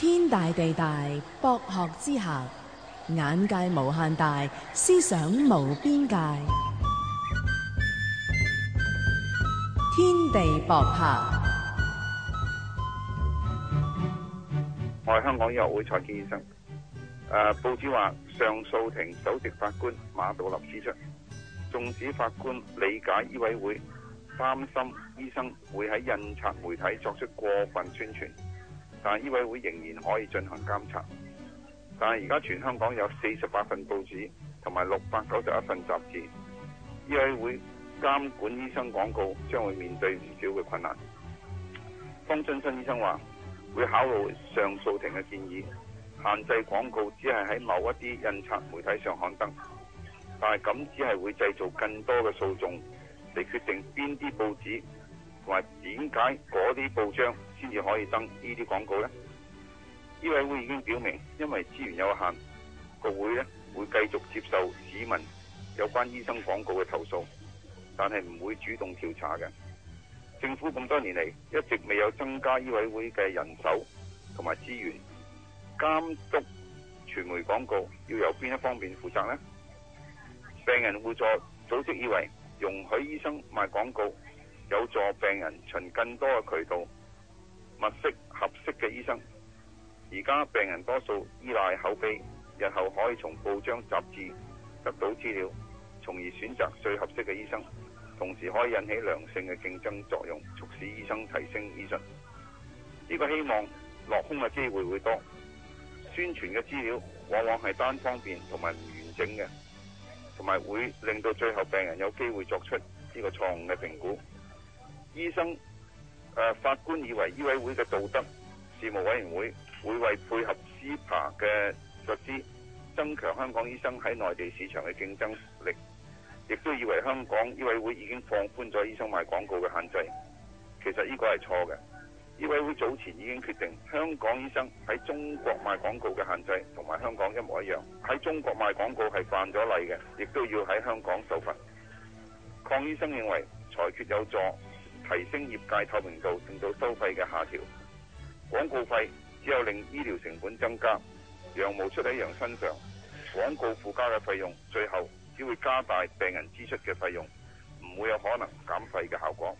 天大地大，博學之下眼界無限大，思想無邊界。天地博客，我係香港醫學會蔡堅醫生。誒，報紙話上訴庭首席法官馬道立指出，縱使法官理解醫委會擔心醫生會喺印刷媒體作出過分宣傳。但係醫委會仍然可以進行監察，但係而家全香港有四十八份報紙同埋六百九十一份雜誌，醫委會監管醫生廣告將會面對唔少嘅困難。方俊生醫生話會考慮上訴庭嘅建議，限制廣告只係喺某一啲印刷媒體上刊登，但係咁只係會製造更多嘅訴訟嚟決定邊啲報紙。埋點解嗰啲報章先至可以登呢啲廣告呢？醫委會已經表明，因為資源有限，個會呢，會繼續接受市民有關醫生廣告嘅投訴，但係唔會主動調查嘅。政府咁多年嚟一直未有增加醫委會嘅人手同埋資源監督傳媒廣告，要由邊一方面負責呢？病人互助組織以為容許醫生賣廣告。有助病人循更多嘅渠道，物色合適嘅醫生。而家病人多數依賴口碑，日後可以從報章雜誌得到資料，從而選擇最合適嘅醫生。同時可以引起良性嘅競爭作用，促使醫生提升醫術。呢個希望落空嘅機會會多。宣傳嘅資料往往係單方面同埋唔完整嘅，同埋會令到最後病人有機會作出呢個錯誤嘅評估。醫生、呃、法官以為醫委會嘅道德事務委員會會為配合 CEPA 嘅措施，增強香港醫生喺內地市場嘅競爭力，亦都以為香港醫委會已經放寬咗醫生賣廣告嘅限制。其實呢個係錯嘅，醫委會早前已經決定香港醫生喺中國賣廣告嘅限制同埋香港一模一樣，喺中國賣廣告係犯咗例嘅，亦都要喺香港受罰。鄺醫生認為裁決有助。大透明度，令到收費嘅下調，廣告費只有令醫療成本增加，羊毛出喺羊身上，廣告附加嘅費用，最後只會加大病人支出嘅費用，唔會有可能減費嘅效果。